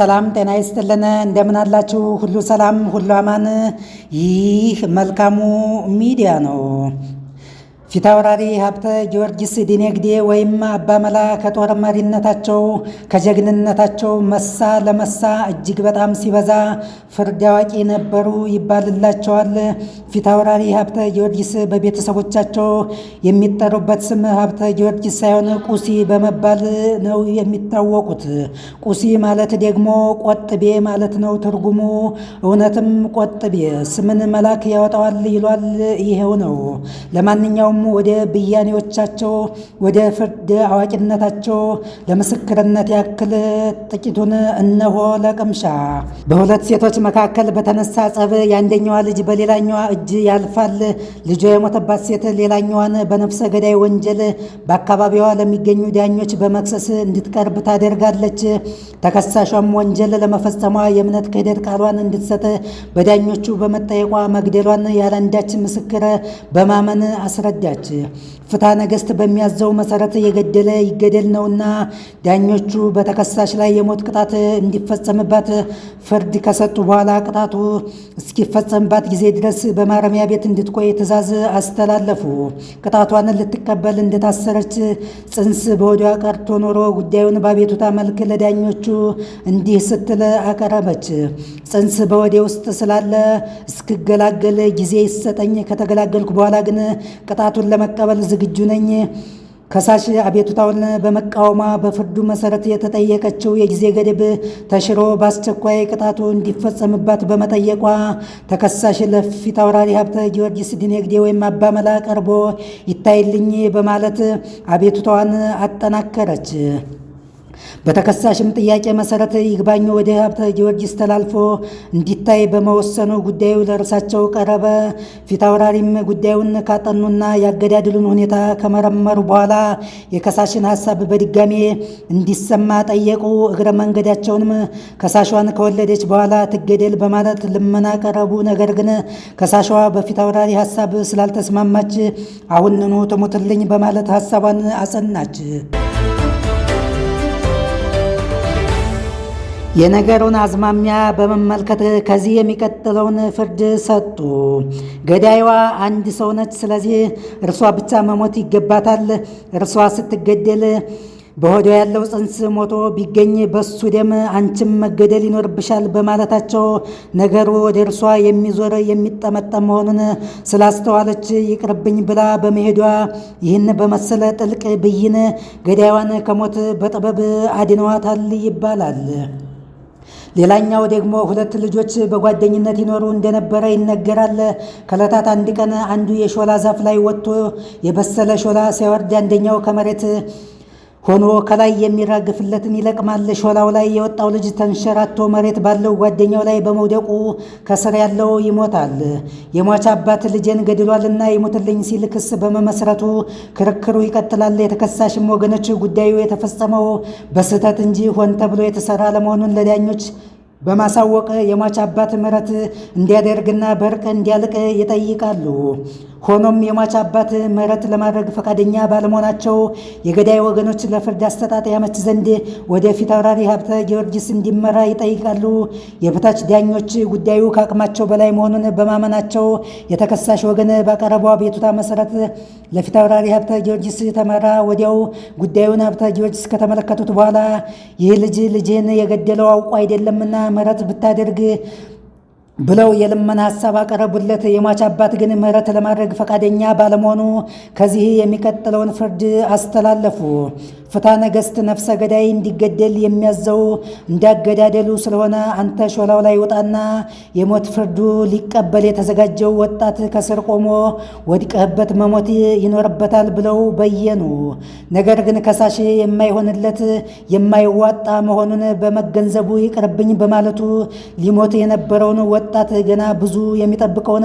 ሰላም ጤና ይስጥልን። እንደምን አላችሁ? ሁሉ ሰላም፣ ሁሉ አማን። ይህ መልካሙ ሚዲያ ነው። ፊታውራሪ ሀብተ ጊዮርጊስ ዲኔግዴ ወይም አባ መላ ከጦር መሪነታቸው ከጀግንነታቸው መሳ ለመሳ እጅግ በጣም ሲበዛ ፍርድ አዋቂ ነበሩ ይባልላቸዋል። ፊታውራሪ ሀብተ ጊዮርጊስ በቤተሰቦቻቸው የሚጠሩበት ስም ሀብተ ጊዮርጊስ ሳይሆን ቁሲ በመባል ነው የሚታወቁት። ቁሲ ማለት ደግሞ ቆጥቤ ማለት ነው ትርጉሙ። እውነትም ቆጥቤ ስምን መላክ ያወጣዋል ይሏል። ይሄው ነው ለማንኛውም ወደ ብያኔዎቻቸው ወደ ፍርድ አዋቂነታቸው ለምስክርነት ያክል ጥቂቱን እነሆ ለቅምሻ። በሁለት ሴቶች መካከል በተነሳ ጸብ የአንደኛዋ ልጅ በሌላኛዋ እጅ ያልፋል። ልጇ የሞተባት ሴት ሌላኛዋን በነፍሰ ገዳይ ወንጀል በአካባቢዋ ለሚገኙ ዳኞች በመክሰስ እንድትቀርብ ታደርጋለች። ተከሳሿም ወንጀል ለመፈጸሟ የእምነት ክህደት ቃሏን እንድትሰጥ በዳኞቹ በመጠየቋ መግደሏን ያለአንዳች ምስክር በማመን አስረዳ። ተዘጋጅ። ፍትሐ ነገሥት በሚያዘው መሰረት የገደለ ይገደል ነውና ዳኞቹ በተከሳሽ ላይ የሞት ቅጣት እንዲፈጸምባት ፍርድ ከሰጡ በኋላ ቅጣቱ እስኪፈጸምባት ጊዜ ድረስ በማረሚያ ቤት እንድትቆይ ትዕዛዝ አስተላለፉ። ቅጣቷን ልትቀበል እንደታሰረች ጽንስ በወዲያ ቀርቶ ኖሮ ጉዳዩን በአቤቱታ መልክ ለዳኞቹ እንዲህ ስትል አቀረበች። ጽንስ በወዴ ውስጥ ስላለ እስክገላገል ጊዜ ይሰጠኝ። ከተገላገልኩ በኋላ ግን ቅጣቱ ቅጣቱን ለመቀበል ዝግጁ ነኝ። ከሳሽ አቤቱታውን በመቃወማ በፍርዱ መሰረት የተጠየቀችው የጊዜ ገደብ ተሽሮ በአስቸኳይ ቅጣቱ እንዲፈጸምባት በመጠየቋ ተከሳሽ ለፊት አውራሪ ሀብተ ጊዮርጊስ ዲኔግዴ ወይም አባመላ ቀርቦ ይታይልኝ በማለት አቤቱታዋን አጠናከረች። በተከሳሽም ጥያቄ መሰረት ይግባኙ ወደ ሀብተ ጊዮርጊስ ተላልፎ እንዲታይ በመወሰኑ ጉዳዩ ለእርሳቸው ቀረበ። ፊታውራሪም ጉዳዩን ካጠኑና ያገዳድሉን ሁኔታ ከመረመሩ በኋላ የከሳሽን ሀሳብ በድጋሜ እንዲሰማ ጠየቁ። እግረ መንገዳቸውንም ከሳሿን ከወለደች በኋላ ትገደል በማለት ልመና ቀረቡ። ነገር ግን ከሳሿ በፊታውራሪ ሀሳብ ስላልተስማማች አሁንኑ ትሙትልኝ በማለት ሀሳቧን አጸናች። የነገሩን አዝማሚያ በመመልከት ከዚህ የሚቀጥለውን ፍርድ ሰጡ። ገዳይዋ አንድ ሰው ነች። ስለዚህ እርሷ ብቻ መሞት ይገባታል። እርሷ ስትገደል በሆዷ ያለው ጽንስ ሞቶ ቢገኝ በሱ ደም አንቺም መገደል ይኖርብሻል በማለታቸው ነገሩ ወደ እርሷ የሚዞር የሚጠመጠም መሆኑን ስላስተዋለች ይቅርብኝ ብላ በመሄዷ ይህን በመሰለ ጥልቅ ብይን ገዳይዋን ከሞት በጥበብ አድነዋታል ይባላል። ሌላኛው ደግሞ ሁለት ልጆች በጓደኝነት ይኖሩ እንደነበረ ይነገራል። ከለታት አንድ ቀን አንዱ የሾላ ዛፍ ላይ ወጥቶ የበሰለ ሾላ ሲያወርድ አንደኛው ከመሬት ሆኖ ከላይ የሚራግፍለትን ይለቅማል። ሾላው ላይ የወጣው ልጅ ተንሸራቶ መሬት ባለው ጓደኛው ላይ በመውደቁ ከስር ያለው ይሞታል። የሟች አባት ልጄን ገድሏልና ይሙትልኝ ሲል ክስ በመመስረቱ ክርክሩ ይቀጥላል። የተከሳሽም ወገኖች ጉዳዩ የተፈጸመው በስህተት እንጂ ሆን ተብሎ የተሰራ ለመሆኑን ለዳኞች በማሳወቅ የሟች አባት ምሕረት እንዲያደርግና በእርቅ እንዲያልቅ ይጠይቃሉ። ሆኖም የሟች አባት ምህረት ለማድረግ ፈቃደኛ ባለመሆናቸው የገዳይ ወገኖች ለፍርድ አሰጣጥ ያመች ዘንድ ወደ ፊት አውራሪ ሀብተ ጊዮርጊስ እንዲመራ ይጠይቃሉ። የበታች ዳኞች ጉዳዩ ከአቅማቸው በላይ መሆኑን በማመናቸው የተከሳሽ ወገን ባቀረበው አቤቱታ መሰረት ለፊት አውራሪ ሀብተ ጊዮርጊስ ተመራ። ወዲያው ጉዳዩን ሀብተ ጊዮርጊስ ከተመለከቱት በኋላ ይህ ልጅ ልጅህን የገደለው አውቆ አይደለምና ምህረት ብታደርግ ብለው የልመና ሀሳብ አቀረቡለት። የሟች አባት ግን ምህረት ለማድረግ ፈቃደኛ ባለመሆኑ ከዚህ የሚቀጥለውን ፍርድ አስተላለፉ። ፍታ ነገሥት ነፍሰ ገዳይ እንዲገደል የሚያዘው እንዳገዳደሉ ስለሆነ አንተ ሾላው ላይ ውጣና የሞት ፍርዱ ሊቀበል የተዘጋጀው ወጣት ከስር ቆሞ ወድቀህበት መሞት ይኖርበታል ብለው በየኑ። ነገር ግን ከሳሽ የማይሆንለት የማይዋጣ መሆኑን በመገንዘቡ ይቅርብኝ በማለቱ ሊሞት የነበረውን ወ ወጣት ገና ብዙ የሚጠብቀውን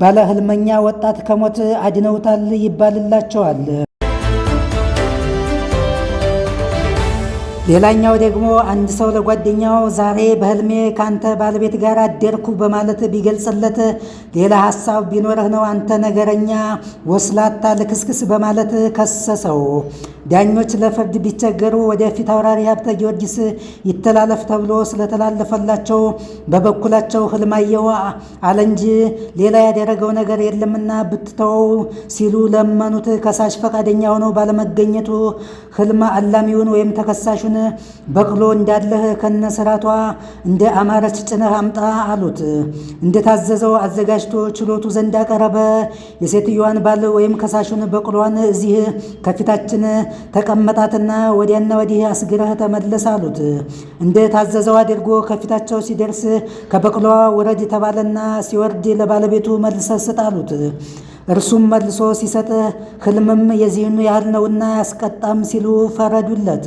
ባለ ህልመኛ ወጣት ከሞት አድነውታል ይባልላቸዋል። ሌላኛው ደግሞ አንድ ሰው ለጓደኛው ዛሬ በህልሜ ካንተ ባለቤት ጋር አደርኩ በማለት ቢገልጽለት ሌላ ሀሳብ ቢኖርህ ነው አንተ ነገረኛ፣ ወስላታ፣ ልክስክስ በማለት ከሰሰው። ዳኞች ለፍርድ ቢቸገሩ ወደ ፊት አውራሪ ሀብተ ጊዮርጊስ ይተላለፍ ተብሎ ስለተላለፈላቸው በበኩላቸው ህልማየሁ አለ እንጂ ሌላ ያደረገው ነገር የለምና ብትተው ሲሉ ለመኑት። ከሳሽ ፈቃደኛ ሆነው ባለመገኘቱ ህልም አላሚውን ወይም ተከሳሹን ሴትን በቅሎ እንዳለህ ከነስራቷ እንደ አማረች ጭነህ አምጣ አሉት። እንደታዘዘው አዘጋጅቶ ችሎቱ ዘንድ አቀረበ። የሴትዮዋን ባል ወይም ከሳሹን በቅሎዋን እዚህ ከፊታችን ተቀመጣትና ወዲያና ወዲህ አስግረህ ተመለስ አሉት። እንደታዘዘው አድርጎ ከፊታቸው ሲደርስ ከበቅሎዋ ውረድ የተባለና ሲወርድ ለባለቤቱ መልሰ ስጥ አሉት። እርሱም መልሶ ሲሰጥ ህልምም የዚህኑ ያህል ነውና ያስቀጣም ሲሉ ፈረዱለት።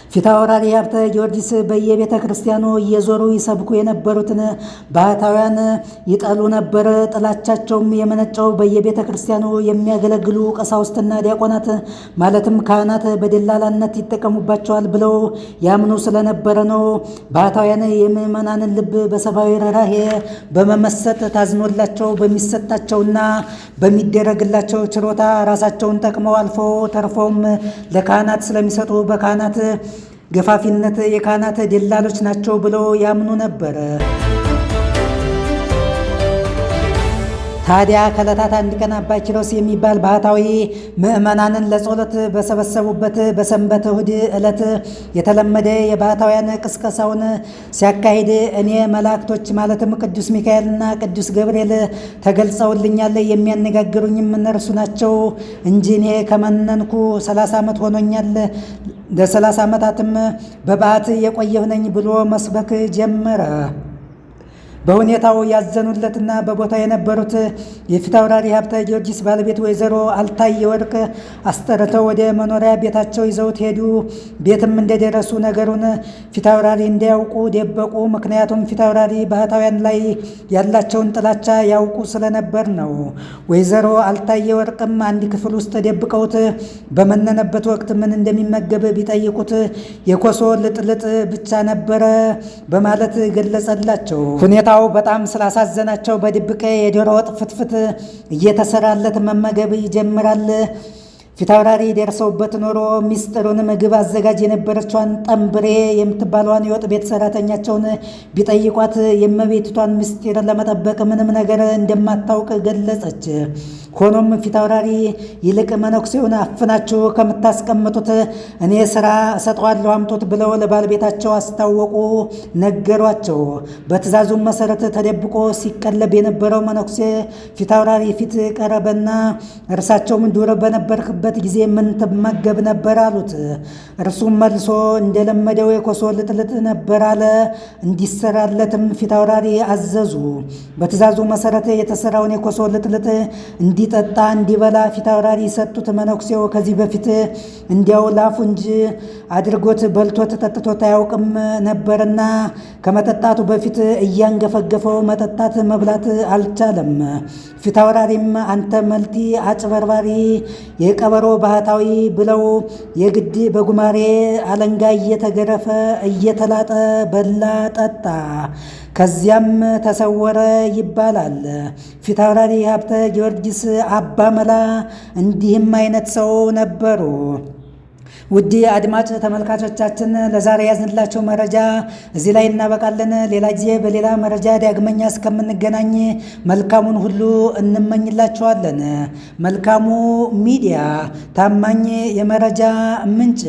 ፊታውራሪ ሀብተ ጊዮርጊስ በየቤተ ክርስቲያኑ እየዞሩ ይሰብኩ የነበሩትን ባህታውያን ይጠሉ ነበር። ጥላቻቸውም የመነጨው በየቤተ ክርስቲያኑ የሚያገለግሉ ቀሳውስትና ዲያቆናት ማለትም ካህናት በደላላነት ይጠቀሙባቸዋል ብለው ያምኑ ስለነበረ ነው። ባህታውያን የምዕመናንን ልብ በሰብአዊ ርኅራኄ በመመሰጥ ታዝኖላቸው በሚሰጣቸውና በሚደረግላቸው ችሮታ ራሳቸውን ጠቅመው አልፎ ተርፎም ለካህናት ስለሚሰጡ በካህናት ገፋፊነት የካህናት ደላሎች ናቸው ብለው ያምኑ ነበረ። ታዲያ ከዕለታት አንድ ቀን አባ ኪሮስ የሚባል ባህታዊ ምዕመናንን ለጸሎት በሰበሰቡበት በሰንበት እሁድ ዕለት የተለመደ የባህታውያን ቅስቀሳውን ሲያካሂድ እኔ መላእክቶች ማለትም ቅዱስ ሚካኤልና ቅዱስ ገብርኤል ተገልጸውልኛል፣ የሚያነጋግሩኝም እነርሱ ናቸው እንጂ እኔ ከመነንኩ ሰላሳ ዓመት ሆኖኛል ለሰላሳ ዓመታትም በባት የቆየሁ ነኝ ብሎ መስበክ ጀመረ። በሁኔታው ያዘኑለትና በቦታ የነበሩት የፊታውራሪ ሀብተ ጊዮርጊስ ባለቤት ወይዘሮ አልታይ ወርቅ አስጠርተው ወደ መኖሪያ ቤታቸው ይዘውት ሄዱ። ቤትም እንደደረሱ ነገሩን ፊታውራሪ እንዲያውቁ ደበቁ። ምክንያቱም ፊታውራሪ ባህታውያን ላይ ያላቸውን ጥላቻ ያውቁ ስለነበር ነው። ወይዘሮ አልታይ ወርቅም አንድ ክፍል ውስጥ ደብቀውት በመነነበት ወቅት ምን እንደሚመገብ ቢጠይቁት የኮሶ ልጥልጥ ብቻ ነበረ በማለት ገለጸላቸው ሁኔታ ሁኔታው በጣም ስላሳዘናቸው በድብቅ የዶሮ ወጥ ፍትፍት እየተሰራለት መመገብ ይጀምራል። ፊታውራሪ ደርሰውበት ኖሮ ሚስጥሩን ምግብ አዘጋጅ የነበረችዋን ጠንብሬ የምትባለዋን የወጥ ቤት ሰራተኛቸውን ቢጠይቋት የእመቤትቷን ምስጢር ለመጠበቅ ምንም ነገር እንደማታውቅ ገለጸች። ሆኖም ፊት አውራሪ ይልቅ መነኩሴውን አፍናችሁ ከምታስቀምጡት እኔ ስራ እሰጠዋለሁ አምጡት ብለው ለባለቤታቸው አስታወቁ፣ ነገሯቸው። በትእዛዙም መሰረት ተደብቆ ሲቀለብ የነበረው መነኩሴ ፊት አውራሪ ፊት ቀረበና እርሳቸውም ዱር በነበርክበት ጊዜ ምን ትመገብ ነበር አሉት። እርሱም መልሶ እንደለመደው የኮሶ ልጥልጥ ነበር አለ። እንዲሰራለትም ፊት አውራሪ አዘዙ። በትእዛዙ መሰረት የተሰራውን የኮሶ ልጥልጥ እንዲ እንዲጠጣ እንዲበላ ፊት አውራሪ ሰጡት መነኩሴው ከዚህ በፊት እንዲያው ላፉ እንጂ አድርጎት በልቶት ጠጥቶት አያውቅም ነበርና ከመጠጣቱ በፊት እያንገፈገፈው መጠጣት መብላት አልቻለም። ፊት አውራሪም አንተ መልቲ አጭበርባሪ፣ የቀበሮ ባህታዊ ብለው የግድ በጉማሬ አለንጋ እየተገረፈ እየተላጠ በላ ጠጣ። ከዚያም ተሰወረ ይባላል። ፊታውራሪ ሀብተ ጊዮርጊስ አባ መላ እንዲህም አይነት ሰው ነበሩ። ውድ አድማጭ ተመልካቾቻችን ለዛሬ ያዝንላቸው መረጃ እዚህ ላይ እናበቃለን። ሌላ ጊዜ በሌላ መረጃ ዳግመኛ እስከምንገናኝ መልካሙን ሁሉ እንመኝላቸዋለን መልካሙ ሚዲያ ታማኝ የመረጃ ምንጭ